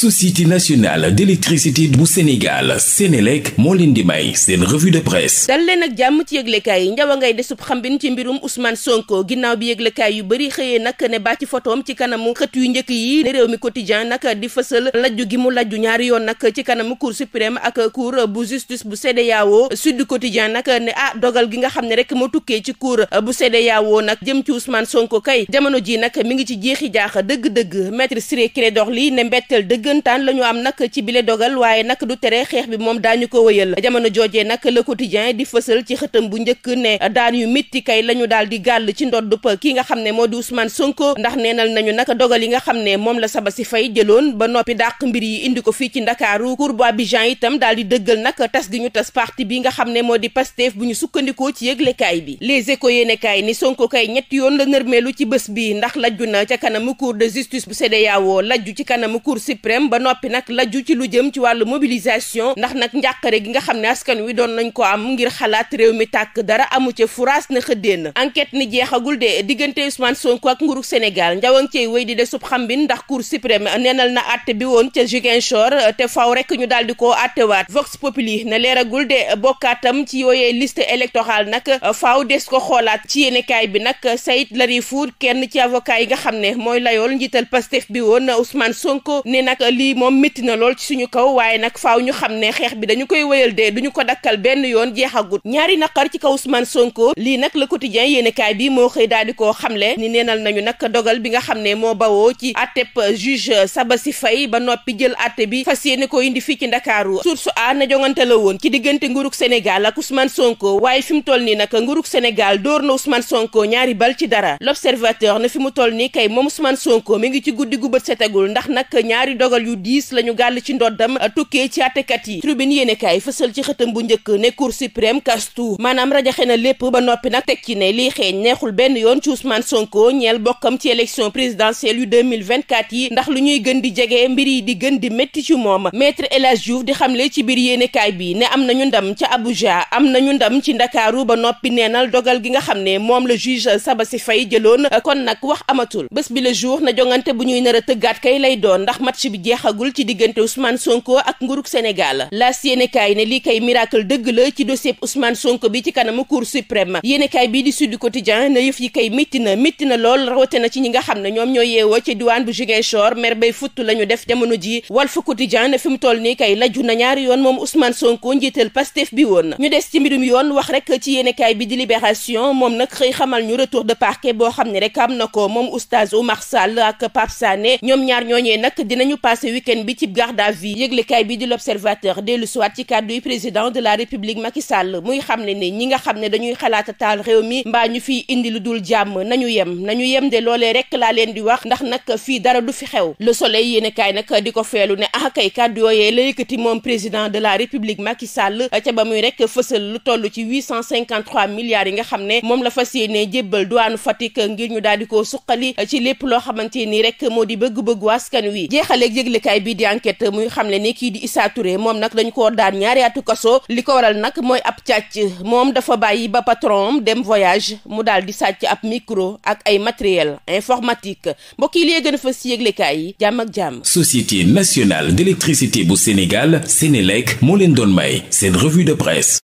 société nationale d'électricité bu Sénégal Sénélec moo leen di may seen revue de presse dal ak jàmm ci yëglekaay yi njaw a ngay desub xambin ci mbirum Ousmane Sonko ginnaaw bi yëglekaay yu bëri xëyee nag ne bàcc fotoom ci kanamu xët yu njëkk yi ne réew mi quotidien nag di fësal lajju gi mu lajju ñaari yoon nag ci kanamu cour suprême ak cour bu justice bu CEDEAO sud quotidien nag ne ah dogal gi nga xam ne rek moo tukkee ci cour bu CEDEAO ji nag mi ngi ci jeexi jaax dëgg dëgg dëggantaan la ñu am nag ci bile dogal waaye nag du tere xeex bi moom daañu di fësal ci xëtam bu njëkk ne daan yu mitti kay la ñu daal di gàll ci ndoddub ki nga xam ne moo di Ousmane Sonko ndax neenal nañu nag dogal yi nga xam ne moom la Sabassy Faye jëloon ba noppi dàq mbir yi indi ko fii ci Ndakaaru cour bu Abidjan itam daal di dëggal nag tas gi ñu tas parti bi nga xam ne moo di Pastef bu ñu sukkandikoo ci yëglekaay bi les échos yéenekaay ni Sonko kay ñetti yoon la nërmeelu ci bés bi ndax lajju na ca kanamu cour de justice bu CEDEAO lajju ci kanamu cour suprême dem ba noppi nag laju ci lu jëm ci wàllu mobilisation ndax nag njàqare gi nga xam ne askan wi doon nañ ko am ngir xalaat réew mi tàkk dara amu ca furaas na xëddee na enquête ni jeexagul de diggante Ousmane Sonko ak nguuru Sénégal njawang cey wéy di de sub xam bi ndax Cour suprême neenal na àtte bi woon ca Ziguinchor te faw rek ñu daal di koo àttewaat Vox Populi na leeragul de bokkaatam ci yooyee liste électorale nag faaw des ko xoolaat ci yéenekaay bi nag Saïd Larifour kenn ci avocat yi nga xam ne mooy layool njiital nag lii moom métti na lool ci suñu kaw waaye nag faaw ñu xam ne xeex bi dañu koy wéyal dee duñu ko dakkal benn yoon jeexagut ñaari naqar ci kaw Ousmane Sonko lii la Le Quotidien yéenekaay bi moo xëy daal di koo xamle ni neenal nañu nag dogal bi nga xam ne moo bawoo ci àtteb juge si fay ba noppi jël àtte bi fas yéene ko indi fii ci Ndakaaru source a na jongante la woon ci diggante nguruk senegal ak Ousmane Sonko waaye fi mu toll nii nag nguruk Sénégal dóor na Ousmane Sonko ñaari bal ci dara L'Observateur na fi mu toll nii kay moom Ousmane Sonko mi ngi ci guddi gu bët setagul ndax nag ñaari yool yu diis la ñu gàll ci ndoddam uh, tukkee ci àttekat yi tribune yéenekaay fësal ci xëtam bu njëkk ne cour suprême kastu maanaam rajaxe na lépp ba noppi nag teg ci ne li xeeñ neexul benn yoon ci Ousmane Sonko ñeel bokkam ci élection présidentielle yu 2024 yi ndax lu ñuy gën di jege mbir yi di gën di métti ci moom maître El Hadj Diouf di xamle ci biir yéenekaay bi ne am na ñu ndam ca Abuja am na ñu ndam ci Ndakaaru ba noppi neenal dogal gi nga xam ne moom la juge Sabassy Faye jëloon kon nag wax amatul bés bi le jour na jongante bu ñuy nar a tëggaat kay lay bi jeexagul ci diggante Ousmane Sonko ak nguruk Sénégal laas yéenekaay ne lii kay miracle dëgg la ci dossier Ousmane Sonko bi ci kanamu Cour suprême yéenekaay bii di Sud Quotidien ne yëf yi kay métti na métti na lool rawote na ci ñi nga xam ne ñoom ñoo yeewoo ci diwaan bu Ziguinchor mer bay futt la ñu def jamono ji Walf Quotidien ne fi mu toll nii kay laju na ñaari yoon moom Ousmane Sonko njiital Pastef bi woon ñu des ci mbirum yoon wax rek ci yéenekaay bi di Libération moom nag xëy xamal boo xam rek am na ko moom oustaz Oumar Sall ak Pape Sané ñoom ñaar ñooñee passé week-end bi ci garde à vue yëglekaay bi di l'observateur dellu siwaat ci kàddu yi président de la république Macky Sall muy xam ne ni ñi nga xam ne dañuy xalaata taal réew mi mbaa ñu fi indi lu dul jàmm nañu yem nañu yem de loole rek laa leen di wax ndax nag fii dara du fi xew la soleil yéenekaay nag di ko feelu ne ah kay kàddu yooyee la yëkkati moom président de la république Macky Sall ca ba muy rek fësal lu toll ci 853 milliards yi nga xam ne moom la fas yéene jébbal duwaanu Fatick ngir ñu daal di ko suqali ci lépp loo xamante ni rek moo di bëgg-bëggu yëglekaay bii di enquête muy xamle ni kii di Issa Touré moom nag dañu koo daan ñaari atu kaso li ko waral nag mooy ab càcc moom dafa bàyyi ba patron dem voyage mu daal di sàcc ab micro ak ay matériel informatique mbokk yi lee gën a fës si yëglekaay yi jàmm ak jàmm. Société nationale d'électricité bu Sénégal Sénélec moo leen doon may seen revue de presse.